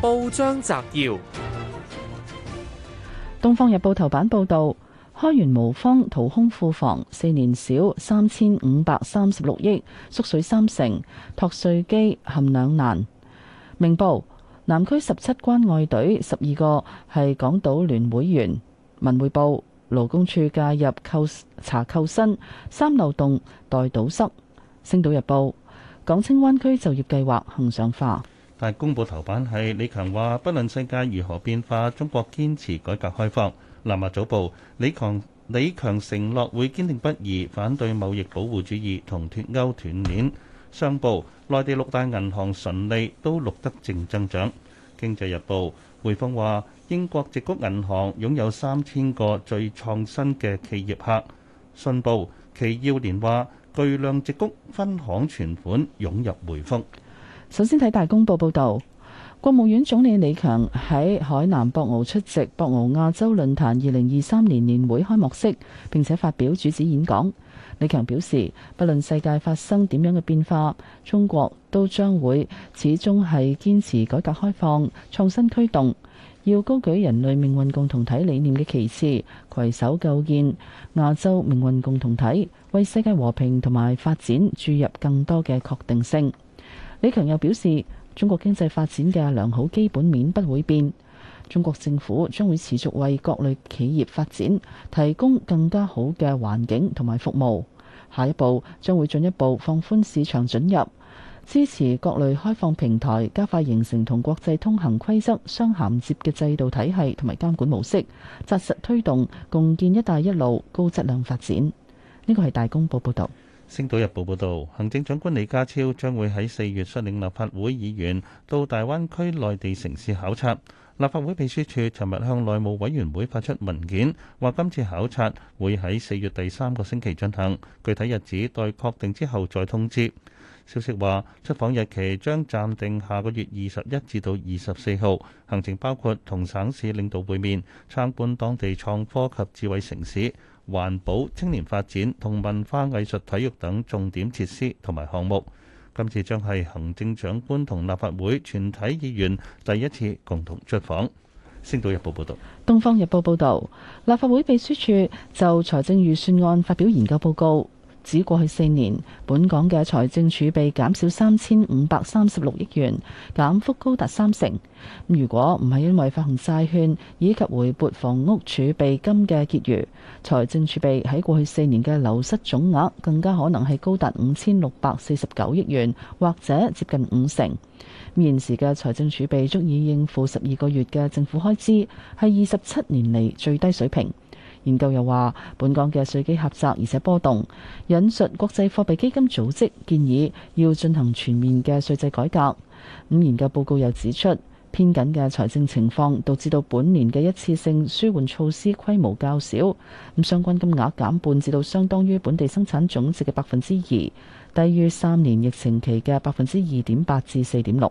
報章摘要：《東方日報》頭版報道，開源無方，掏空庫房，四年少三千五百三十六億，縮水三成，托稅機陷兩難。明報：南區十七關愛隊十二個係港島聯會員。文匯報：勞工處介入扣查扣薪三漏洞待堵塞。星島日報：港青灣區就業計劃恒常化。但大公報頭版係李強話不論世界如何變化，中國堅持改革開放。南華早報，李強李強承諾會堅定不移反對貿易保護主義同脱歐斷鏈。商報，內地六大銀行純利都錄得正增長。經濟日報，匯豐話英國矽谷銀行擁有三千個最創新嘅企業客。信報，祁耀年話巨量矽谷分行存款湧入匯豐。首先睇大公報報道，國務院總理李強喺海南博鰲出席博鰲亞洲論壇二零二三年年會開幕式，並且發表主旨演講。李強表示，不論世界發生點樣嘅變化，中國都將會始終係堅持改革開放、創新驅動，要高舉人類命運共同體理念嘅旗幟，攜手構建亞洲命運共同體，為世界和平同埋發展注入更多嘅確定性。李強又表示，中國經濟發展嘅良好基本面不會變，中國政府將會持續為各類企業發展提供更加好嘅環境同埋服務。下一步將會進一步放寬市場准入，支持各類開放平台，加快形成同國際通行規則相銜接嘅制度體系同埋監管模式，扎實推動共建「一帶一路」高質量發展。呢個係大公報報導。《星島日報》報導，行政長官李家超將會喺四月率領立法會議員到大灣區內地城市考察。立法會秘書處尋日向內務委員會發出文件，話今次考察會喺四月第三個星期進行，具體日子待確定之後再通知。消息話，出訪日期將暫定下個月二十一至到二十四號，行程包括同省市領導會面、參觀當地創科及智慧城市。環保、青年發展同文化藝術體育等重點設施同埋項目，今次將係行政長官同立法會全體議員第一次共同出訪。星島日報報道。東方日報報道，立法會秘書處就財政預算案發表研究報告。指過去四年，本港嘅財政儲備減少三千五百三十六億元，減幅高達三成。如果唔係因為發行債券以及回撥房屋儲備金嘅結餘，財政儲備喺過去四年嘅流失總額更加可能係高達五千六百四十九億元，或者接近五成。現時嘅財政儲備足以應付十二個月嘅政府開支，係二十七年嚟最低水平。研究又話，本港嘅稅基狹窄而且波動，引述國際貨幣基金組織建議，要進行全面嘅稅制改革。咁研究報告又指出，偏緊嘅財政情況導致到本年嘅一次性舒緩措施規模較少，咁相關金額減半，至到相當於本地生產總值嘅百分之二，低於三年疫情期嘅百分之二點八至四點六。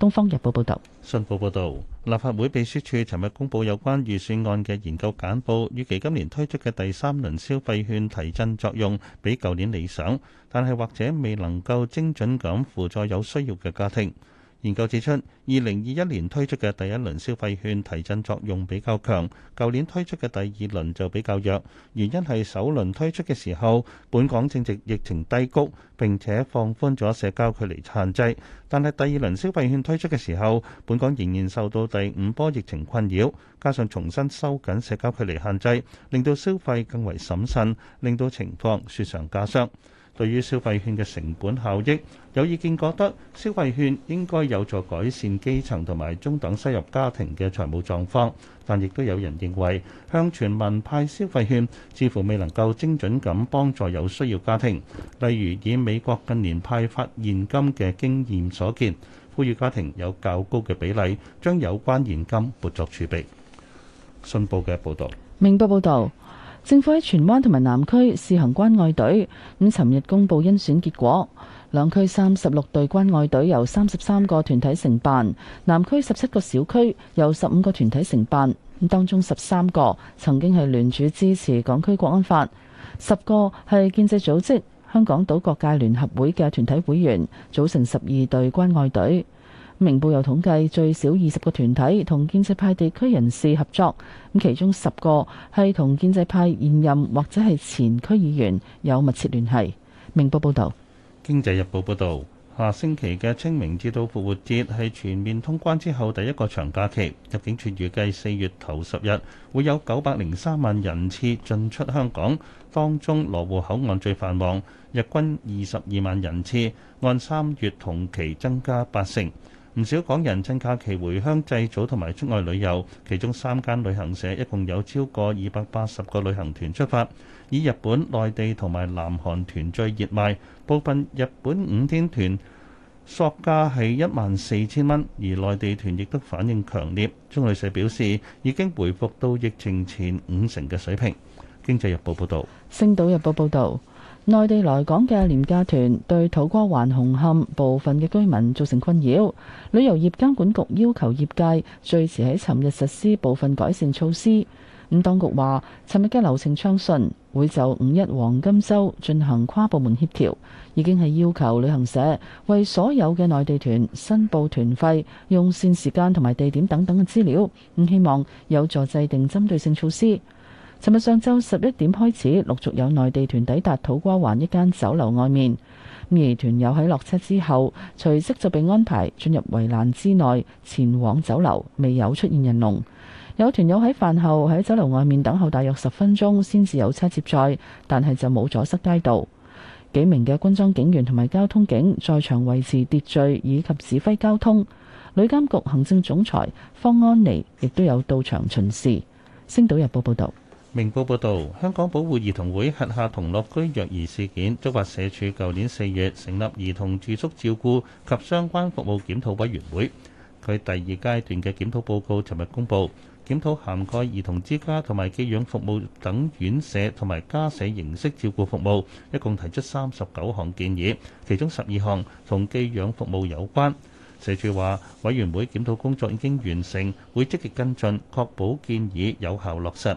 東方日報報道，信報報道，立法會秘書處尋日公布有關預算案嘅研究簡報，預期今年推出嘅第三輪消費券提振作用比舊年理想，但係或者未能夠精準咁輔助有需要嘅家庭。研究指出，二零二一年推出嘅第一輪消費券提振作用比較強，舊年推出嘅第二輪就比較弱。原因係首輪推出嘅時候，本港正值疫情低谷，並且放寬咗社交距離限制；但係第二輪消費券推出嘅時候，本港仍然受到第五波疫情困擾，加上重新收緊社交距離限制，令到消費更為審慎，令到情況雪上加霜。對於消費券嘅成本效益有意見，覺得消費券應該有助改善基層同埋中等收入家庭嘅財務狀況，但亦都有人認為向全民派消費券似乎未能夠精準咁幫助有需要家庭。例如以美國近年派發現金嘅經驗所見，富裕家庭有較高嘅比例將有關現金撥作儲備。信報嘅報導，明報報導。政府喺荃灣同埋南區試行關愛隊，咁尋日公布甄選結果，兩區三十六隊關愛隊由三十三個團體承辦，南區十七個小區由十五個團體承辦，咁當中十三個曾經係聯署支持港區國安法，十個係建制組織香港島各界聯合會嘅團體會員，組成十二隊關愛隊。明報又統計最少二十個團體同建制派地區人士合作，咁其中十個係同建制派現任或者係前區議員有密切聯繫。明報報導，《經濟日報》報導，下星期嘅清明節到復活節係全面通關之後第一個長假期，入境處預計四月頭十日會有九百零三萬人次進出香港，當中羅湖口岸最繁忙，日均二十二萬人次，按三月同期增加八成。唔少港人趁假期回鄉祭祖同埋出外旅遊，其中三間旅行社一共有超過二百八十個旅行團出發，以日本、內地同埋南韓團最熱賣，部分日本五天團索價係一萬四千蚊，而內地團亦都反應強烈。中旅社表示已經回復到疫情前五成嘅水平。經濟日報報道，星島日報報道。內地來港嘅廉價團對土瓜灣紅磡部分嘅居民造成困擾，旅遊業監管局要求業界最遲喺尋日實施部分改善措施。咁當局話，尋日嘅流程暢順，會就五一黃金週進行跨部門協調，已經係要求旅行社為所有嘅內地團申報團費、用膳時間同埋地點等等嘅資料，咁希望有助制定針對性措施。尋日上晝十一點開始，陸續有內地團抵達土瓜灣一間酒樓外面。而團友喺落車之後，隨即就被安排進入圍欄之內前往酒樓，未有出現人龍。有團友喺飯後喺酒樓外面等候，大約十分鐘先至有車接載，但係就冇阻塞街道。幾名嘅軍裝警員同埋交通警在場維持秩序以及指揮交通。旅監局行政總裁方安妮亦都有到場巡視。星島日報報道。明報報導，香港保護兒童會轄下童樂居虐兒事件觸發社署，舊年四月成立兒童住宿照顧及相關服務檢討委員會。佢第二階段嘅檢討報告，尋日公佈，檢討涵蓋兒童之家同埋寄養服務等院舍同埋家舍形式照顧服務，一共提出三十九項建議，其中十二項同寄養服務有關。社署話，委員會檢討工作已經完成，會積極跟進，確保建議有效落實。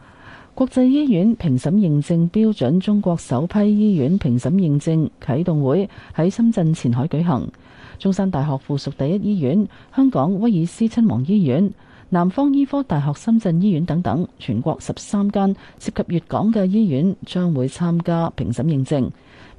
國際醫院評審認證標準，中國首批醫院評審認證啟動會喺深圳前海舉行。中山大學附屬第一醫院、香港威爾斯親王醫院、南方醫科大學深圳醫院等等，全國十三間涉及粵港嘅醫院將會參加評審認證。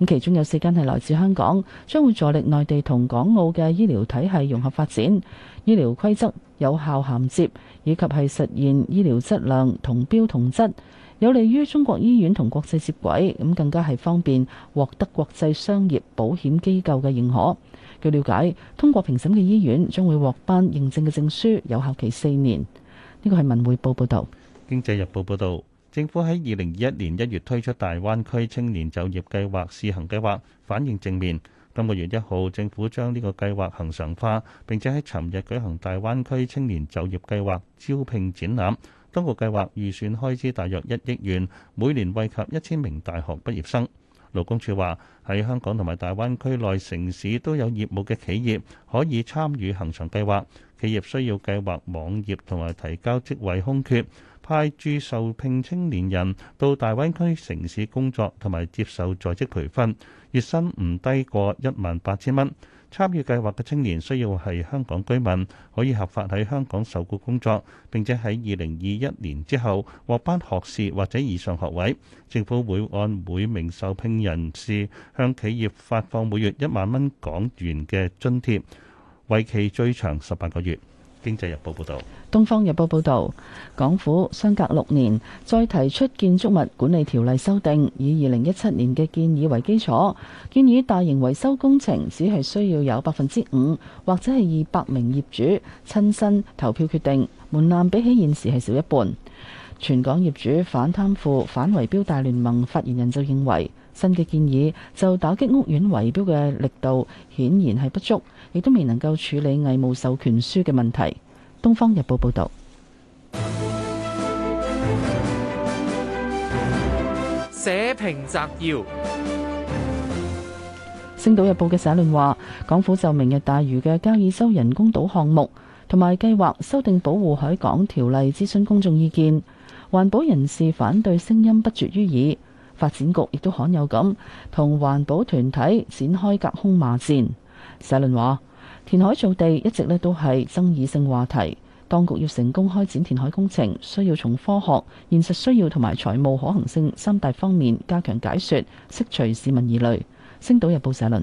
咁其中有四間係來自香港，將會助力內地同港澳嘅醫療體系融合發展。醫療規則有效銜接，以及係實現醫療質量同標同質，有利於中國醫院同國際接軌，咁更加係方便獲得國際商業保險機構嘅認可。據了解，通過評審嘅醫院將會獲頒認證嘅證書，有效期四年。呢個係文匯報報導。經濟日報報導，政府喺二零二一年一月推出大灣區青年就業計劃試行計劃，反應正面。今個月一號，政府將呢個計劃恆常化，並且喺尋日舉行大灣區青年就業計劃招聘展覽。當局計劃預算開支大約一億元，每年惠及一千名大學畢業生。勞工處話，喺香港同埋大灣區內城市都有業務嘅企業可以參與恆常計劃，企業需要計劃網頁同埋提交職位空缺。派駐受聘青年人到大灣區城市工作同埋接受在職培訓，月薪唔低過一萬八千蚊。參與計劃嘅青年需要係香港居民，可以合法喺香港受雇工作，並且喺二零二一年之後獲頒學士或者以上學位。政府會按每名受聘人士向企業發放每月一萬蚊港元嘅津貼，為期最長十八個月。《經濟日報》報導，《東方日報》報導，港府相隔六年再提出建築物管理條例修訂，以二零一七年嘅建議為基礎，建議大型維修工程只係需要有百分之五，或者係二百名業主親身投票決定。門檻比起現時係少一半。全港業主反貪腐反圍標大聯盟發言人就認為。新嘅建議就打擊屋苑圍標嘅力度顯然係不足，亦都未能夠處理偽冒授權書嘅問題。《東方日報》報道：社評摘要，《星島日報》嘅社論話，港府就明日大嶼嘅交椅洲人工島項目同埋計劃修訂保護海港條例諮詢公眾意見，環保人士反對聲音不絕於耳。發展局亦都罕有咁同環保團體展開隔空罵戰。社論話，填海造地一直呢都係爭議性話題。當局要成功開展填海工程，需要從科學、現實需要同埋財務可行性三大方面加強解說，釋除市民疑慮。星島日報社論。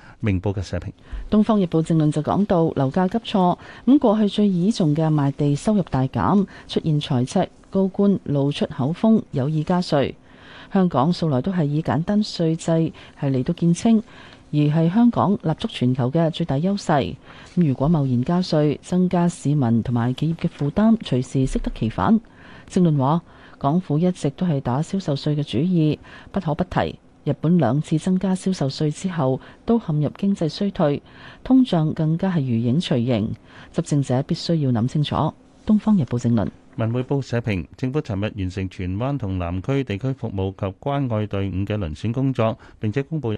明報嘅社評，《東方日報》正論就講到樓價急挫，咁過去最倚重嘅賣地收入大減，出現財赤。高官露出口風有意加稅。香港素來都係以簡單稅制係嚟到見稱，而係香港立足全球嘅最大優勢。咁如果貿然加稅，增加市民同埋企業嘅負擔，隨時適得其反。正論話，港府一直都係打銷售稅嘅主意，不可不提。日本兩次增加銷售稅之後，都陷入經濟衰退，通脹更加係如影隨形。執政者必須要諗清楚。《東方日報》政論，《文匯報》社評，政府尋日完成荃灣同南區地區服務及關愛隊伍嘅輪選工作，並且公佈。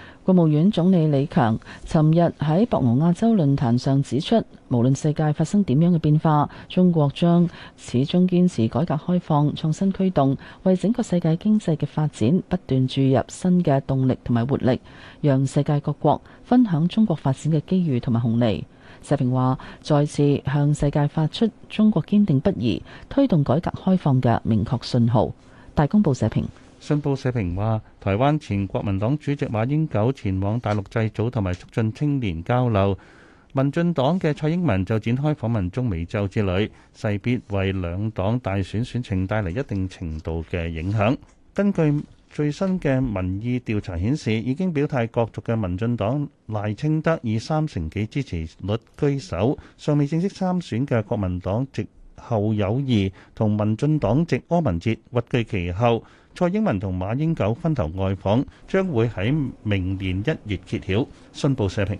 國務院總理李強尋日喺博鰲亞洲論壇上指出，無論世界發生點樣嘅變化，中國將始終堅持改革開放、創新驅動，為整個世界經濟嘅發展不斷注入新嘅動力同埋活力，讓世界各國分享中國發展嘅機遇同埋紅利。社評話，再次向世界發出中國堅定不移推動改革開放嘅明確信號。大公報社評。信報社評話，台灣前國民黨主席馬英九前往大陸祭祖同埋促進青年交流，民進黨嘅蔡英文就展開訪問中美洲之旅，勢必為兩黨大選選情帶嚟一定程度嘅影響。根據最新嘅民意調查顯示，已經表態角逐嘅民進黨賴清德以三成幾支持率居首，尚未正式參選嘅國民黨籍侯友宜同民進黨籍柯文哲屈居其後。蔡英文同馬英九分頭外訪，將會喺明年一月揭曉，信報社評。